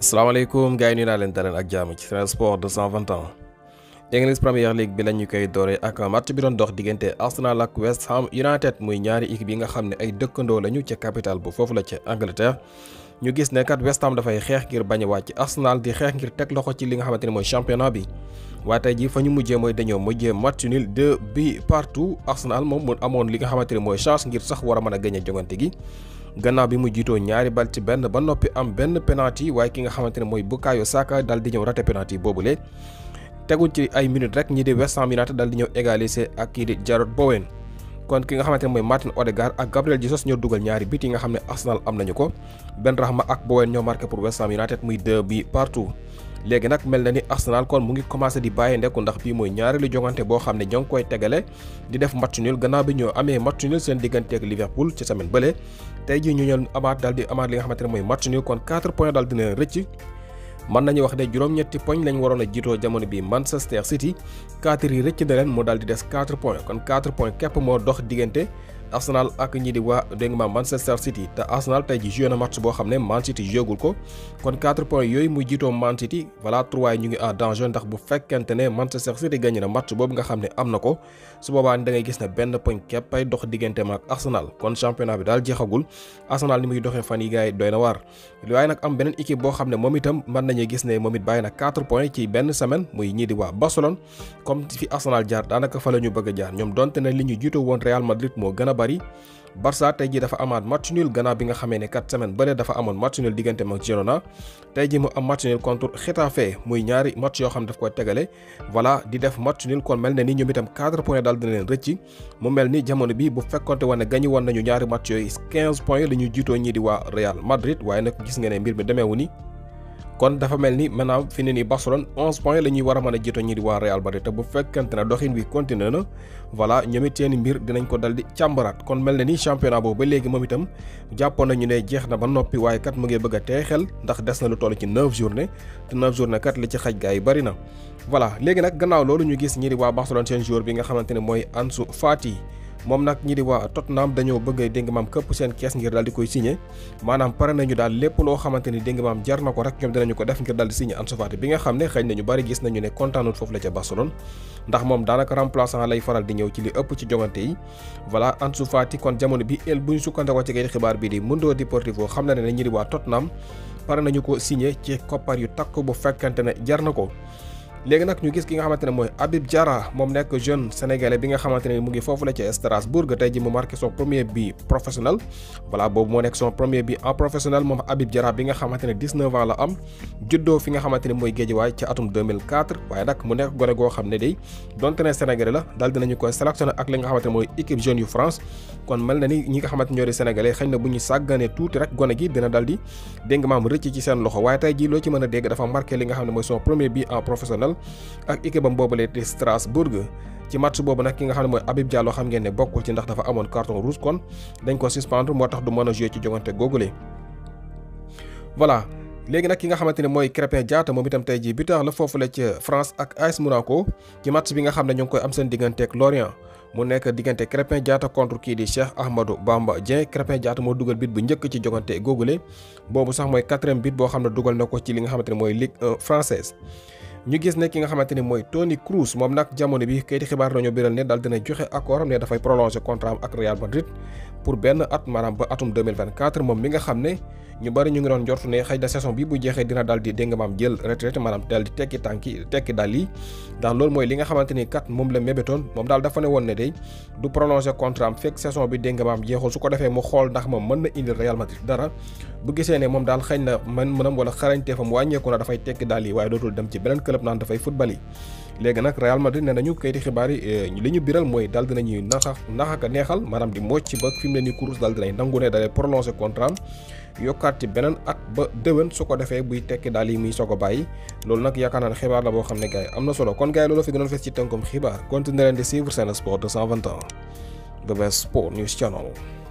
asalaamaaleykum gars yi nuyu naa leen daleen ak jàmm ci Sen Sport 221 English Premier League bi la ñu koy dooree ak match bi doon dox diggante Arsenal ak West Ham United muy ñaari équipe yi nga xam ne ay dëkkandoo lañu ca capital bu foofu la ca Angleterre. ñu gis ne kat West Ham dafay xeex ngir bañ a wàcc Arsenal di xeex ngir teg loxo ci li nga xamante ne mooy championnat bi waaye ji fa ñu mujjee mooy dañoo mujjee match nul deux bi partout Arsenal moom mu amoon li nga xamante ne mooy chance ngir sax war a mën a gañe jongante gi. gannaaw bi mu jiitoo ñaari bal ci benn ba noppi am benn penalty waaye ki nga xamante ne mooy Bukayo Saka dal di ñëw raté penalty boobule. tegul ci ay minute rek ñi di West Ham United dal di ñëw égaliser ak kii di Jarrod Bowen kon ki nga xamante mooy Martin Odegaard ak Gabriel Jesus ñoo dugal ñaari bit yi nga xam ne Arsenal am nañu ko Benrahma ak Bowen ñoo marqué pour West Ham United muy 2 bi partout. léegi nag mel na ni Arsenal kon mu ngi commencé di bàyyi ndekku ndax bii mooy ñaareelu jongante boo xam ne ñoo koy tegale di def match gannaaw bi ñoo amee match seen diggante ak Liverpool ci semaine bële tey jii ñu ñëw amaat daal di amaat li nga xamante ne mooy match kon 4 points daal dina rëcc. mën nañu wax ne juróom-ñetti poñ lañ waroon a jiitoo jamono bi Manchester City 4 yi rëcc na leen mu daal di des 4 points kon 4 points képp moo dox diggante. Arsenal ak ñi di waa dégg Manchester City te Arsenal tey ji na match boo xam ne Man City jógul ko kon 4 yooyu mu jiitoo Man City voilà 3 yi ñu ngi en danger ndax bu fekkente ne Manchester City gagné na match boobu nga xam ne am na ko su boobaa da gis ne benn poñ keppay dox digganteem ak Arsenal kon championnat bi daal jeexagul Arsenal ni muy doxee fan yi gars yi doy na waar waaye nag am beneen équipe boo xam ne moom itam bari Barça tey ji dafa amaat match nul gannaaw bi nga xamee ne kat semaine bële dafa amoon match nul diggante mag Girona tey ji mu am match nul contre muy ñaari match yoo xam ne daf koy tegale voilà di def match nul kon mel na ni ñoom itam 4 points daal leen rëcc mu mel ni jamono bi bu fekkonte woon ne gañu woon nañu ñaari match yooyu 15 points la ñu jiitoo ñii di waa Real Madrid waaye nag gis nga ne mbir mi demeewu ni kon dafa mel ni maanaam fi ne nii Barcelone 11 points la ñuy war a mën a jiito ñi di waa Real Madrid te bu fekkente ne doxin wi continué na voilà ñoom it seeni mbir dinañ ko dal di càmbaraat kon mel na ni championnat boobu ba léegi moom itam jàppoon nañu ne jeex na ba noppi waaye kat mu ngi bëgg a teexel ndax des na lu toll ci 9 journée te 9 journée kat li ci xaj gaa yi bari na. voilà léegi nag gannaaw loolu ñu gis ñi di waa Barcelone seen joueur bi nga xamante ne mooy Ansu Fati. moom nag ñi di waa Tottenham dañoo bëgg dégg maam këpp seen kees ngir daal di koy signé maanaam pare nañu daal lépp loo xamante ni dégg maam jar na ko rek ñoom dinañu ko def ngir daal di signé Ansu Fati bi nga xam ne xëy na ñu bari gis nañu ne kontaanut foofu la ca Barcelone ndax moom daanaka remplaçant lay faral di ñëw ci li ëpp ci jongante yi voilà Ansu kon jamono bi el bu ñu sukkandikoo ci kayit xibaar bii di Mundo Deportivo xam na ne ñi di waa Tottenham pare nañu ko signé ci koppar yu takk bu fekkante ne jar na ko léegi nag ñu gis ki nga xamante ne mooy Habib Diarra moom nekk jeune sénégalais bi nga xamante mu ngi foofu la ca Strasbourg tey ji mu marqué son premier but professionnel voilà boobu moo nekk son premier but en professionnel moom Habib Diarra bi nga xamante ne 19 ans la am juddoo fi nga xamante ne mooy Géejawaay ci atum waaye nag mu nekk gone goo xam ne day donte ne sénégalais la daal dinañu koy sélectionné ak li nga xamante mooy équipe jeune yu France na a dégg dafa marqué li ak équipe am boobale di Strasbourg ci match boobu nag ki nga xam ne mooy Habib Diallo xam ngeen ne bokkul ci ndax dafa amoon carton rouge kon dañ ko suspendre moo tax du mën a jouer ci jogante googule voilà léegi nag ki nga xamante ne mooy Crépin jaata moom itam tey ji jii buteur la foofule ca France ak AS Monaco ci match bi nga xam ne ñu ngi koy am seen digganteeg Lorient mu nekk diggante Crépin Diatta contre kii di Cheikh Ahmadou Bamba Dieng Crépin Diatta moo dugal bit bu njëkk ci jogante googule boobu sax mooy quatrième bit boo xam ne dugal na ko ci li nga xamante ne mooy Ligue 1 ñu gis ne ki nga xamante ni mooy Toni Kroos moom nag jamono bi kayiti xibaar nañu biral ne daal dina joxe accord am ne dafay prolonger contrat ak Real Madrid pour benn at maanaam ba atum moom mi nga xam ne ñu bari ñu ngi doon jortu ne xëy na saison bi bu jeexee dina daal di dégg maam jël retraite maanaam daal di tekki tànki tekki dal yi ndax loolu mooy li nga xamante ni kat moom la mébétoon moom daal dafa ne woon ne day du prolonger contrat fekk saison bi dégg maam jeexul su ko defee mu xool ndax moom mën na indil Real Madrid dara bu gisee ne moom daal xëy na man mënam wala xarañteefam wàññeeku na dafay tekki dal yi waaye dootul dem ci beneen club naan dafay football yi léegi nag Real Madrid ne nañu kayiti xibaar yi eh, li ñu biral mooy daal dinañuy naxa naxaka neexal maanaam di mocc ba fi mu ne nii course daal dinay nangu ne dalee prolongé contrat yokkaat ci beneen at ba déwén su ko defee buy tekki daal yi muy soog bàyyi loolu nag yaakaar naa ne xibaar la boo xam ne gars am na solo kon gars yi loolu fi gënoon fees ci tënkum xibaar continuer leen di suivre Sen Sport News Channel